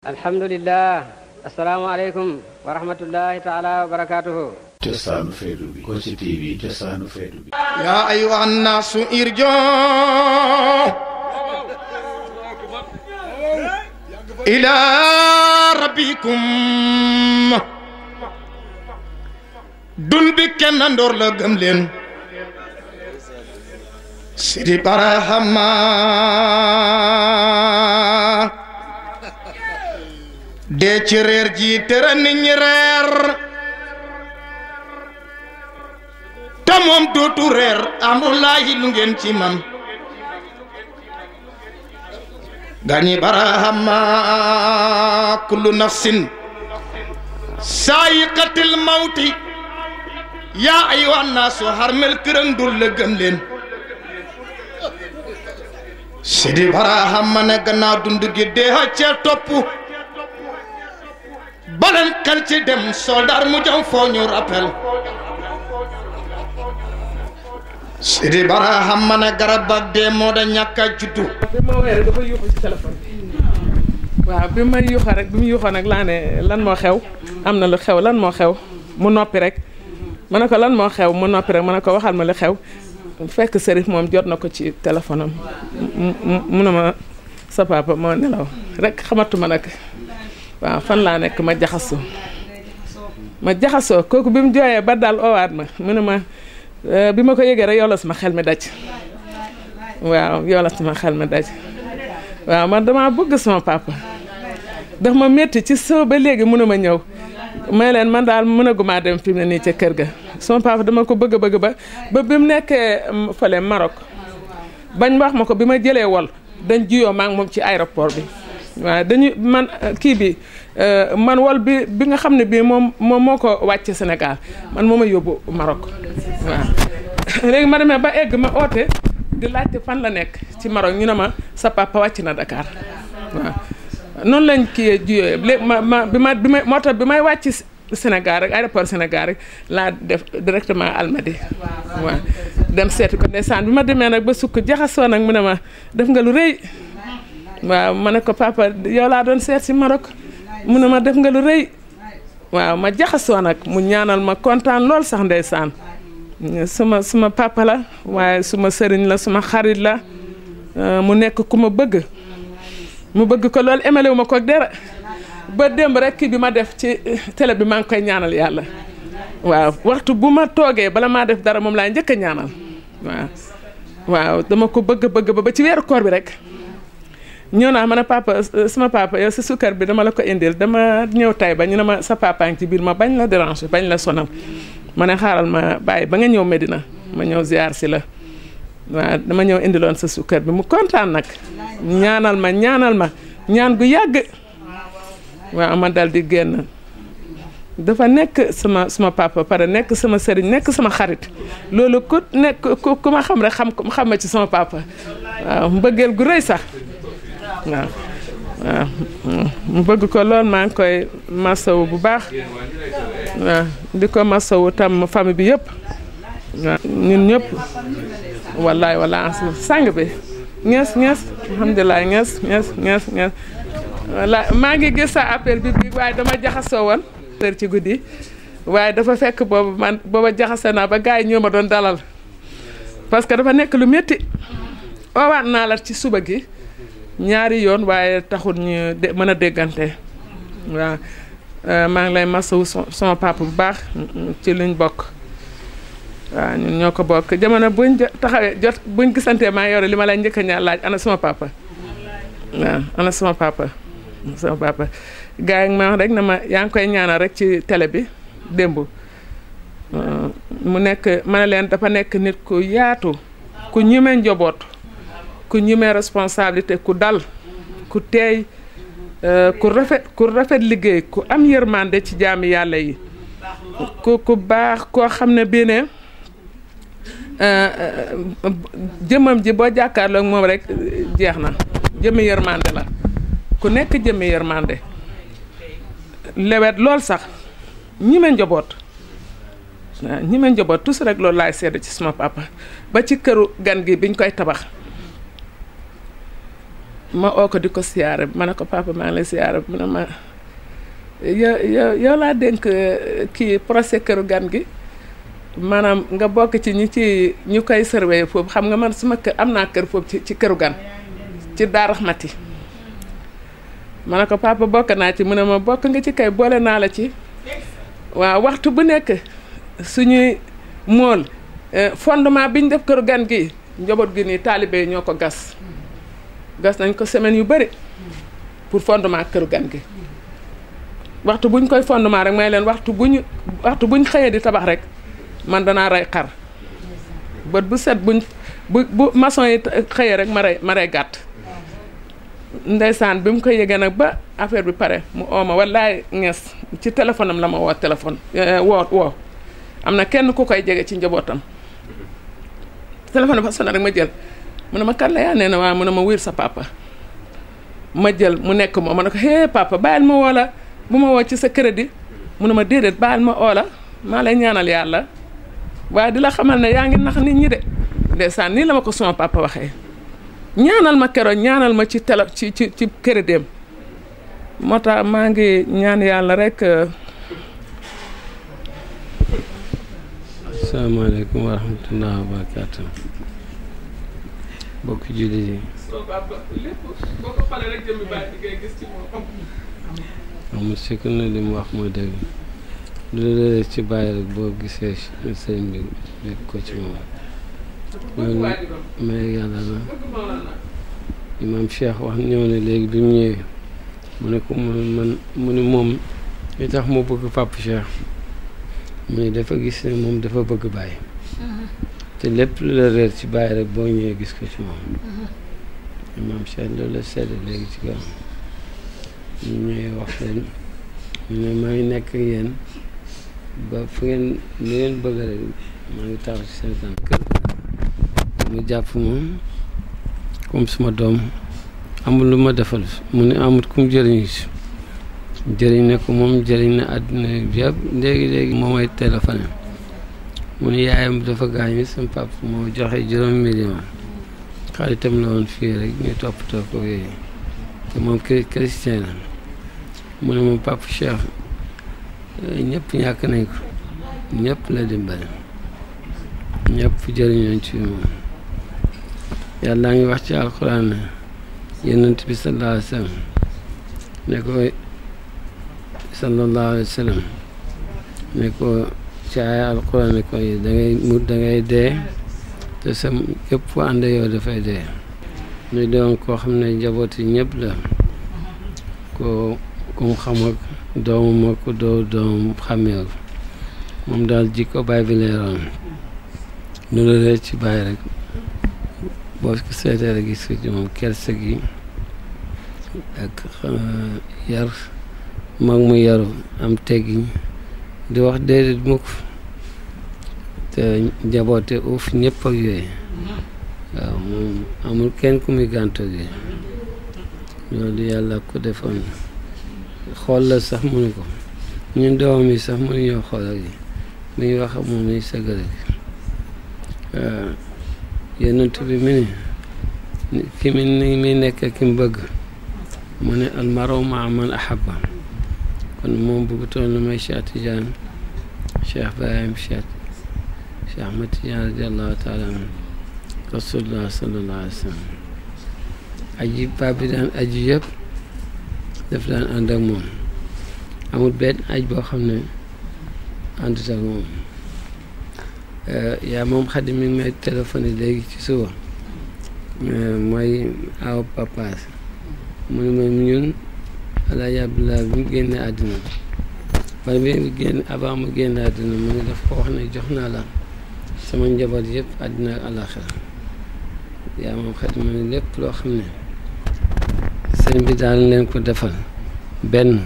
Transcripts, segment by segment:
alhamdulilah asalaamaaleykum wa rahmatullahi taala wa barakaatuhu cosaanu feetu bi Kossy TV cosaanu feetu bi yaa ayuha annaasu irjo ila rabbikum dun bi kenn ndoor la gëm leen sidi barahama dee ci réer ji tëra reer te moom dootu reer amulaahi lu ngeen ci man gani barahama kullu nafsin saayiqatil mawti yaa ayyuha naasu xarmel kërëng dul la gëm leen sidi barahama ne gannaaw dund gi dee ca topp baleen xel ci dem soldaar mu jëm foo ñu rappel Sidi Baraham man a garab ak dee moo da ñàkk a juddu bi ma woowee dafa yuuxu ci téléphone waaw bi may yuuxa rek bi mu yuuxoo nag laa ne lan moo xew am na lu xew lan moo xew mu noppi rek ma ne ko lan moo xew mu noppi rek ma ne ko waxal ma lu xew fekk sërif moom jot na ko ci téléphone am mu ne ma sa papa moo nelaw rek xamatuma nag waaw fan laa nekk ma jaxasoo ma jaxasoo kooku bi mu jooyee ba daal oowaat ma mu ne ma euh, bi ma ko yégee rek yow sama xel mi daj waaw yow sama xel mi daj waaw man damaa bëgg sama papa ndax ma metti ci soo ba léegi mënu ma ñëw may leen man daal mënagumaa dem fi ne nii ca kër ga sama papa dama ko bëgg bëgg ba ba bi mu nekkee mm, fële Maroc bañ wax ma ko bi ma jëlee wol dañ jiyoo maa ngi moom ci aéroport bi waa dañu man kii bi euh, man wal bi bi nga xam ne bii moom moom moo ko wàcce Sénégal man moo ma yóbbu Maroc waaw léegi ma demee ba egg ma oote di laajte fan la nekk ci Maroc ñu ne ma sa papa wàcc na Dakar waaw noonu lañ kii jiyee léegi ma ma bi ma bi may moo tax bi may wàcc Sénégal rek aéroport Sénégal rek laa def directement Almadi waaw dem seeti ko bi ma demee nag ba sukk jaxasoo nag mu ne ma def nga lu rëy waaw ma ne ko papa yow laa doon seet si Maroc mu ne ma def nga lu rëy waaw ma jaxasoo nag mu ñaanal ma kontaan lool sax ndey ndeysaan suma suma papa la waaye suma sëriñ la suma xarit la euh, mu nekk ku ma bëgg mu bëgg ko loolu émale wu ma ko dara ba démb rek kii bi ma def ci euh, télé bi maa ngi koy ñaanal yàlla waaw waxtu bu ma toogee bala maa def dara moom laa njëkk a ñaanal waaw dama ko bëgg bëgg ba ba ci weeru koor bi rek ñëw naa ma ne papa suma papa yow si sukkar bi dama la ko indil dama ñëw tay ba ñu ne ma sa papa ngi ci biir ma bañ la déranger bañ la sonal ma ne xaaral ma bàyyi ba nga ñëw Medina ma ñëw ziar si la waaw dama ñëw indiloon sa sukkar bi mu kontaan nag ñaanal ma ñaanal ma ñaan gu yàgg waaw ma dal di génn dafa nekk sama sama papa pare nekk sama sëriñ nekk sama xarit loolu ku nekk ku ma xam rek xam xam ma ci sama papa waaw mbëggeel gu rëy sax waaw mu bëgg ko lool maa ngi koy masawu bu baax waaw di ko masawu tam famille bi yëpp waaw ñun ñëpp wallaay wallaay sang bi ñees ñees alhamdulilah ñees ñees ñees wallaay maa ngi gis sa appel bi bi waaye dama jaxasoo woon tër ci guddi waaye dafa fekk boobu man booba jaxase naa ba gars yi ñoo ma doon dalal parce que dafa nekk lu métti oowaat naa la ci suba gi ñaari yoon waaye taxul ñu de mën a déggante waaw euh, maa ngi lay masawu sama papa bu baax ci luñ bokk waaw ñun ñoo ko bokk jamono buñ taxawee jot buñ gisantee maa ngi yore li ma lay njëkk a ñaar laaj ana sama papa waaw ana sama papa sama papa gars yi ma wax na ma yaa ngi koy ñaanal rek ci télé bi démb euh, mu nekk ma ne leen dafa nekk nit ku yaatu ku ñime njoboot ku ñemee responsabilité ku dal ku teey euh, ku rafet ku rafet liggéey ku am yërmande ci jaami yàlla yi ku ku baax koo xam ne bii ne euh, jëmmam ji boo jàkkaarloog moom rek jeex na jëmmi yërmande la ku nekk jëmmi yërmande lewet lool sax ñi ma njaboot waaw ñi ma njaboot tous rek loolu laay sedd ci sama papa ba ci këru gan gi biñ koy tabax ma oo ko di ko siyaare ma ne ko papa maa ngi lay siyaare mu ne ma yow yow yow laa dénk eh, kii procès këru gan gi maanaam nga bokk ci ñi ci ñu koy surveiller foofu xam nga man suma kër am naa kër foofu ci ci këru gan ci Daaru Rahmati ma ne ko papa bokk naa ci mu ne ma bokk nga ci kay boole naa la ci waaw waxtu bu nekk suñuy mool eh, fondement bi ñu def këru gan gi njaboot gi nii taalibe ñoo ko gas gas nañ ko semaine yu bëri pour fondement kër gan gi waxtu buñ koy fondement rek may leen waxtu buñ waxtu buñ xëyee di tabax rek man danaa rey xar bët bu set buñ bu bu maçon yi xëyee rek ma rey ma rey gàtt ndeysaan bi mu ko yëgee nag ba affaire bi pare mu oo ma wallaay ngees ci téléphone la ma woo téléphone eh, woo woo am na kenn ku koy jege ci njabootam téléphone ba sonné rek ma jël mu ne ma kan la yaa nee na waaw mu ne ma wér sa papa ma jël mu nekk moom ma ne ko hé papa bàyyil ma woo bu ma woo ci sa crédit mu ne ma déedéet bàyyil ma woo la maa lay ñaanal yàlla waaye di la xamal ne yaa ngi nax nit ñi de ndeysaan nii la ma ko sama papa waxee ñaanal ma keroog ñaanal ma ci télé ci ci ci crédit moo tax maa ngi ñaan yàlla rek. Euh, asalaamaaleykum wa bokki jullit yi amul sikk na li wax mooy dëgg lu la ci bàyyi rek boo gisee sëñ bi nekk ko ci moom loolu may yàlla man mu ne moom li tax mu bëgg Pape Cheikh mu ne dafa gis ne moom dafa bëgg bàyyi te lépp lu la réer ci bàyyi rek boo ñëwee gis ko ci moom mm-hmm. la sedd léegi ci kaw maa ngi nekk yéen ba fu ngeen lu ngeen bëgg rek maa moom comme suma doom amul lu ma defal mu ne amul kum jëriñu si jëriñ ne ko moom jëriñ na àdduna yëpp léegi-léegi moom ay téléphoné mu ne yaayam dafa gaañu sama papa moo joxe juróomi million xaritam la woon fii rekk ñu toppatoo ko yooyu te moom chrétien la mu ne moom papa Cheikh eh, ñëpp ñàkk nañ ko ñëpp la dimbale ñëpp jëriñoon ci moom yàlla ngi wax ci alxuraan na bi sallallahu alayhi wa sallam ne ko sallallahu ci ay alquran ko yi da ngay mut dee te sam képp fu ànd yow dafay dee ñu doon koo xam ne njaboot njabooti ñëpp la ko ku mu xam ak doomam ak doo doom xàmmeel moom daal jikko baay bi leeroon ñu la ree ci baay rek boo seetee rek gis ko ci moom kerse gi ak euh, yar mag mu yaru am teggiñ di wax déedéet mukk te njaboote uuf ñëpp ak yooyu waaw moom amul kenn ku muy gàntoog yi loolu yàlla ko defoon xool la sax mënu ko ñun doomam yi sax mënuñoo xool ak yi bu ñuy wax moom nuy sëgale yonent bi mu ne ki mi ni muy nekk ki mu bëgg mu ne almaro ma man ahaba والمهم بقولون لما يشاء تجان شيخ فاهم شيخ شيخ أحمد تجان رضي الله تعالى عنه رسول الله صلى الله عليه وسلم عجيب بابدان أجيب def daan ànd ak moom amul benn aj boo xam ne àndut ak moom yaa moom xaddi mi ngi may téléphoné léegi ci suba mooy aw papaas mu ne ma ñun alaaji abdullah bi mu génne àddina wala bi mu génn avant mu génn àddina mu ne daf ko wax ne jox naa la sama njabar yëpp àddina ak àllaaxira yaa moom xet ma ne lépp loo xam ne sëñ bi daal leen ko defal benn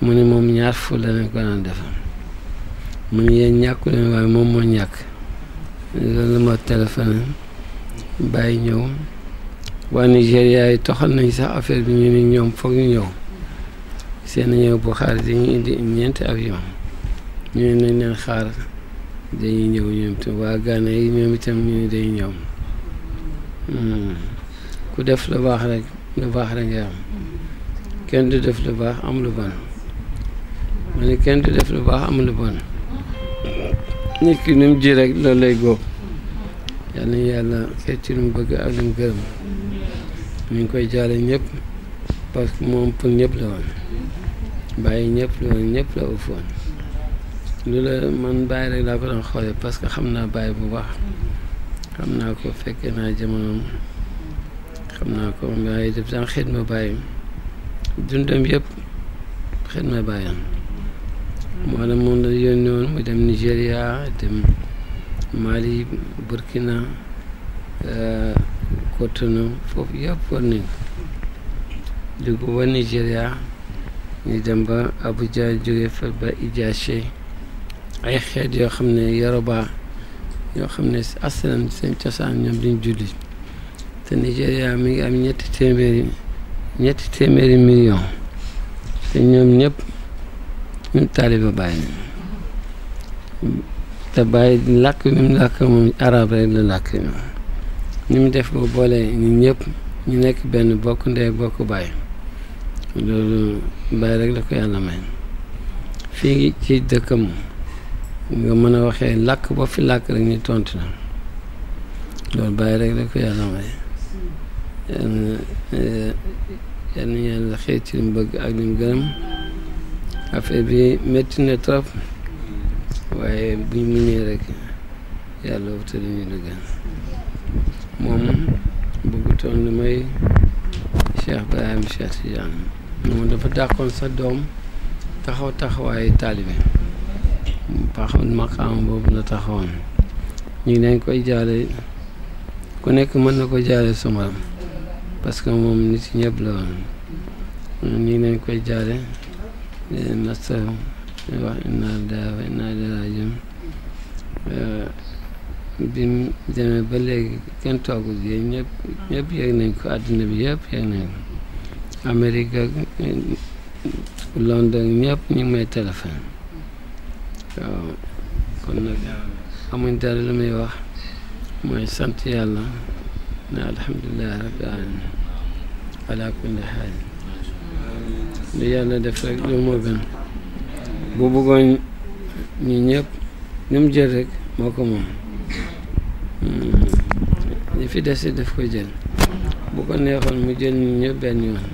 mu ne moom ñaar fu la leen ko daan defal mu ne yéen ñàkku leen waaye moom moo ñàkk loolu ma téléphoné bàyyi ñëw waa Nigéria yi toxal nañ sax affaire bi ñu ne ñoom foog ñu ñëw seen ñëw bu xaar dañuy indi ñeenti avion ñu nañ leen xaar dañuy ñëw ñoom itam waa Gana yi ñoom itam ñu ne dañuy ñëw hmm. ku def lu baax rek lu baax rek nga am kenn du def lu baax am lu ban ma ne kenn du def lu baax am lu bon nit ki nu ji rek loolu lay góob yal na yàlla xeet ci lu mu bëgg ak lu gërëm ñu ngi koy jaale ñëpp parce que moom pour ñëpp la woon. bàyyi ñëpp loolu ñëpp la ëpp lu la man bàyyi rek laa ko doon xoolee parce que xam naa bàyyi bu baax xam naa ko fekke naa jamonoom xam naa ko waaye def daan xidma bàyyi dundam yëpp xidma bàyyan moo la moom la yónni woon mu dem Nigéria dem Mali Burkina euh, Cotonou foofu yëpp war nañ dugg ba Nigéria ñu dem ba Abuja jóge fa ba Ijaase ay xeet yoo xam ne Yoruba yoo xam ne asalam seen cosaan ñoom duñ julli te Nigéria mi ngi am ñetti téeméeri million te ñoom ñëpp ñun taaliba bàyyi te bàyyi làkk bi mu làkk moom arab rek la làkk ñoom ni mu def ba boole ñun ñëpp ñu nekk benn bokk ndey bokk bàyyi loolu bàyyi rek la ko yàlla may fii ci dëkkam nga mën a waxee làkk boo fi làkk rek ñu tontu la loolu bàyyi rek la ko yàlla may yal na yàlla xëy ci li mu bëgg ak li mu gërëm affaire bi métti na trop waaye buñ muñee rek yàlla wutal ñu dëgg moom bëggutoon lu may Cheikh Ibrahim Cheikh Tidiane ne moom dafa dàqoon sa doom taxaw taxawaayu taalibe paxam maqaama boobu la taxawoon ñu ngi leen koy jaale ku nekk mën na ko jaale sa parce que moom nit ñëpp la woon ñu ngi leen koy jaale nasta wax inna lillahi wa inna ilayhi rajiun bi mu demee ba léegi kenn toogul yéen ñëpp ñëpp yëg nañ ko àddina bi yëpp yëg nañ ko Amérique ak London ñëpp ñu may téléphone waaw kon nag amuñ dara lu muy wax mooy sant yàlla ne alhamdulilahi rabbil alamin ala kulli xaal yàlla def rek lu moo bëggoon ñu ñëpp lu mu jël rek moo ko moom hmm. li fi des daf ko jël bu ko neexoon mu jël ñu ñëpp benn yoon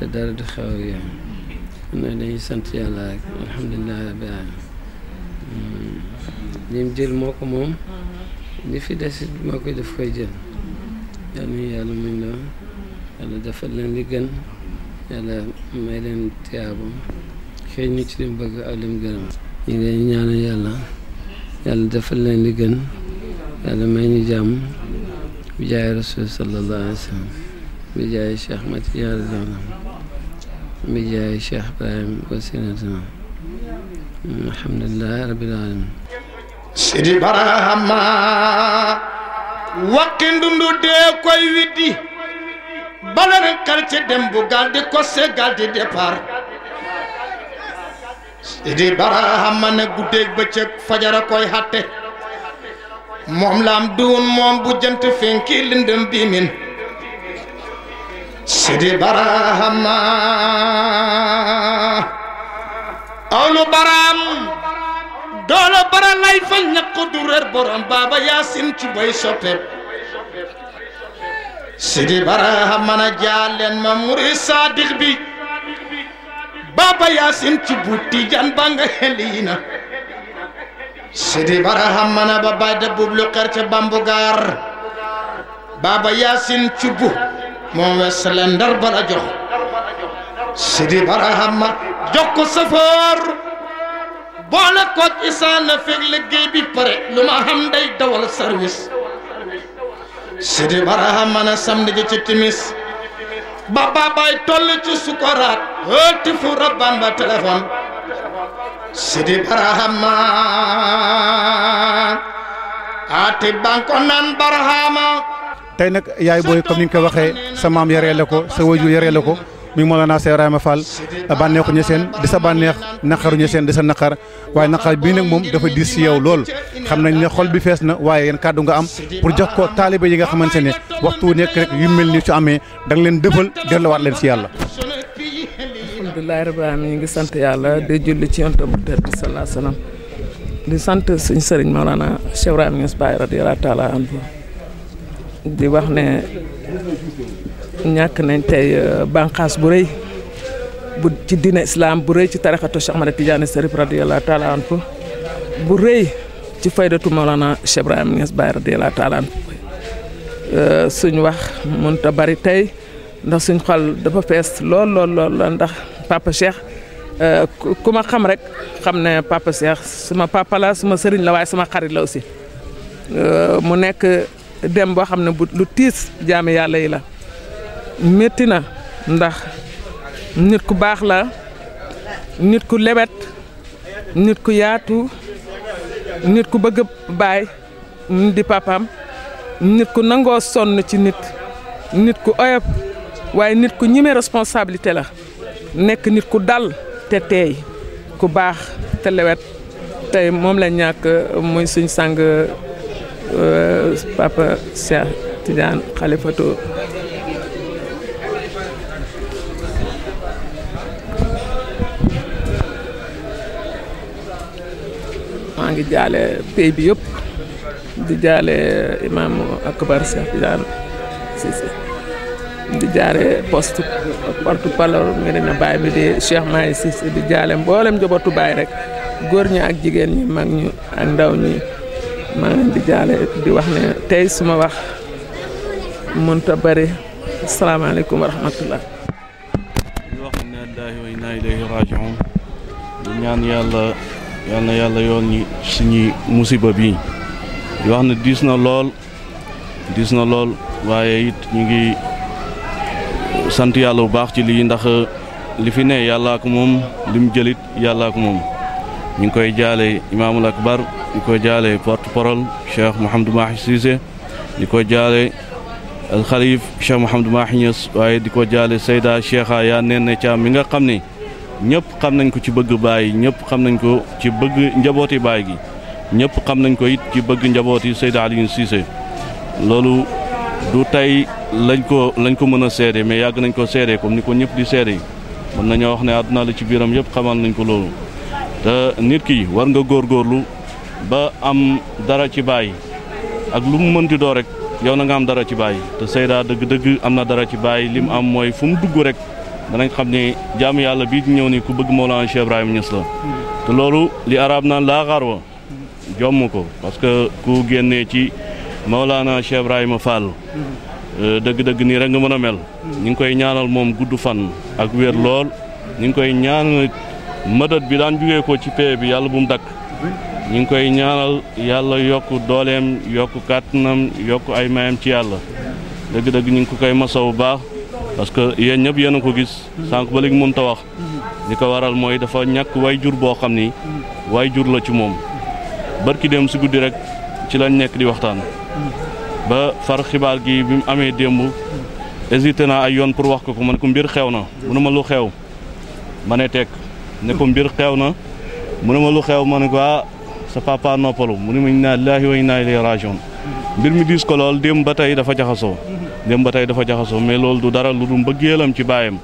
تدرد خاوية أنا لي سنتي على الحمد لله باع لي مدير موك موم لي في داس ماكو دف خيجل يعني يا لمينا أنا دفل لين لي جن يا لمين تيابو خي نتريم بقى علم جن يعني أنا يا لا يا لدفل لين لي جن يا لمين جام بجاي رسول صلى الله عليه وسلم بجاي الشيخ متيار الله bi jaay Cheikh Ibrahim wasilatana alhamdulilah rabbil alamin sidi barahama waqi ndundu dee koy widdi balar quartier dem bu galdi kosse galdi départ sidi barahama ne guddeeg bëccëg fajara koy hatte moom laam duun moom bu jant fenki lëndëm bi sidi barahama awlu baram doolo bara lay fal ñakko du réer yaasin ci boy soppeb sidi barahama na jaaleen ma muri sadiq bi baba yaasin ci tijan ba nga helina sidi barahama na ba da bublu xer ca bambugaar baba yaasin ci moom wees la ndar bala jox sidi barahama jox ko safoor boole koog isaana feeg liggéey bi lu ma xam day dawal service sidi barahama na samedi ji ci timis ba babaay toll ci sukoraat hëtti fu rabban ba téléphone sidi barahama ati banko nan barahama tey nag yaay booy comme ni nga ko waxee sa maam yaree la ko sa wajur yaree la ko mi ngi naa Seex Ibrahima Fall bànneexu ñu seen di sa bànneex naqaru ñu seen di sa naqar waaye naqar bii nag moom dafa diis si yow lool xam nañ ne xol bi fees na waaye yéen kàddu nga am pour jox ko taalibe yi nga xamante ne waxtu nekk rek yu mel ni su amee da leen leen dëfal delluwaat leen si yàlla. alhamdulilah rabbil aalamiin ñu ngi sant yàlla di julli ci yonent bu tedd bi sallallahu alayhi wa sallam di sant suñu sëriñ Mawlana Cheikh Ibrahima Niass Baye radiyallahu taala anhu di wax ne ñàkk nañ tey euh, bànqaas bu rëy bu ci diine islam bu rëy ci tarixatu Cheikh Ahmad Tidiane Sarif radiyallahu taala anhu bu rëy ci faydatu Mawlana Cheikh Ibrahim Niass Baye radiyallahu taala anhu euh, suñ wax mënut a bari tey ndax suñ xol dafa fees lool lool lool ndax papa Cheikh euh, ku ma xam rek xam ne papa Cheikh suma papa suma sëriñ la waaye suma xarit la aussi mu nekk. dem boo xam ne bu lu tiis jaami yàlla yi la metti na ndax nit ku baax la nit ku lewet nit ku yaatu nit ku bëgg baay di papaam nit ku nangoo sonn ci nit nit ku oyof waaye nit ku ñime responsabilité la nekk nit ku dal te teey ku baax te lewet tey moom la ñàkk muy suñ sàng papa eh, cheikh tidiane khalifatu maa ngi jaale pay bi yëpp di jaale imam akbar cheikh tidiane si di jaare poste porte ngene na Baye bi di Cheikh Mahi si di jaale mboolem jobatu Baye rek gor ñi ak jigen ñi mag ñu ak ndaw ñi maa di jaale di wax ne tey suma wax mënta bëri asalaamaaleykum wa rahmatullah di wax inna lillahi wa inna ilayhi rajiun di ñaan yàlla yal yàlla yoon ñi suñuy musiba bii di wax ne diis na lool diis na lool waaye it ñu ngi sant yàlla bu baax ci lii ndax li fi ne yàlla ak moom li mu jëlit yàlla ak moom ñu ngi koy jaale imaamul akbar di ko jaale porte parole Cheikh Mouhamadou Mahi Cissé di ko jaale alxalif Cheikh Mouhamadou Mahi Niass waaye di ko jaale Seyda Cheikha yaa neen ne Thiam mi nga xam ni ñëpp xam nañ ko ci bëgg baay ñëpp xam nañ ko ci bëgg njabooti baay gi ñëpp xam nañ ko yit ci bëgg njabooti Seyda Alioune Cissé loolu du tey lañ ko lañ ko mën a seede mais yàgg nañ ko seede comme ni ko ñëpp di seede mën nañoo ax ne àdduna la ci biiram yëpp xamal nañ ko loolu te nit ki war nga góorgóorlu ba am dara ci bàyyi ak lu mu mënti doo rek yow na nga am dara ci bàyyi te seydaa dëgg-dëgg am na dara ci bàyyi li mu am mooy fu mu dugg rek danañ xam ne jaamu yàlla bii ñëw ni ku bëgg Mawlana Cheikh Ibrahima Niass la te loolu li arab naan laa wa jomm ko parce que ku génnee ci Mawlana Cheikh Ibrahima Fall euh, dëgg-dëgg nii rek nga mën a mel ñu ngi koy ñaanal moom gudd fan ak wér lool ñu ngi koy ñaanal mëdët bi daan jugee ko ci pee bi yàlla bu mu dakk ñu ngi koy ñaanal yàlla yokk dooleem yokk kàttanam yokk ay mayam ci yàlla dëgg-dëgg ñu ngi ko koy masaw bu baax parce que yéen ñëpp yéen a ko gis sànq ba léegi mënut a wax li ko waral mooy dafa ñàkk waay jur boo xam ni way jur la ci moom ki dem si guddi rek ci lañ nekk di waxtaan ba far xibaar gi bi mu amee démb hésité naa ay yoon pour wax ko ko ma ne ko mbir xew na mu ne ma lu xew ma ne ne ko mbir xew na mu lu xew ma ko ah sa papa noppalu mu ni ma inna lillahi wa inna ilayhi rajiun mbir mi diis ko lool démb ba tey dafa jaxasoo démb ba tey dafa jaxasoo mais loolu du dara lu du mbëggeelam ci baayam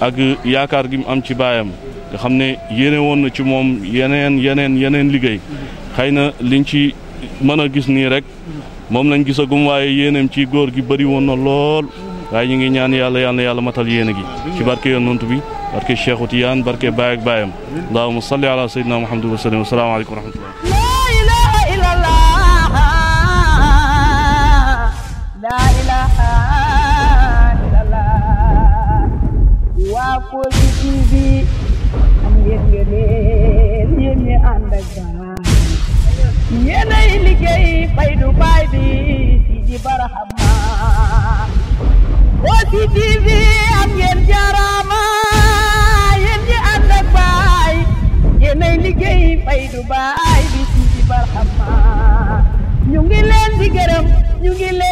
ak yaakaar gi mu am ci baayam nga xam ne yéene woon na ci moom yeneen yeneen yeneen liggéey xëy na liñ ci mën a gis nii rek moom lañ gisagum waaye yéeneem ci góor gi bari woon na lool waaye ñu ngi ñaan yàlla yàlla na yàlla matal yéene gi ci barke yonent bi barke Cheikhu Tiyaan barke baay ak baayam allahumma salli ala sayyidina Muhammad wa sallim wa salaamu aleykum wa ಮುಗಿಲೇ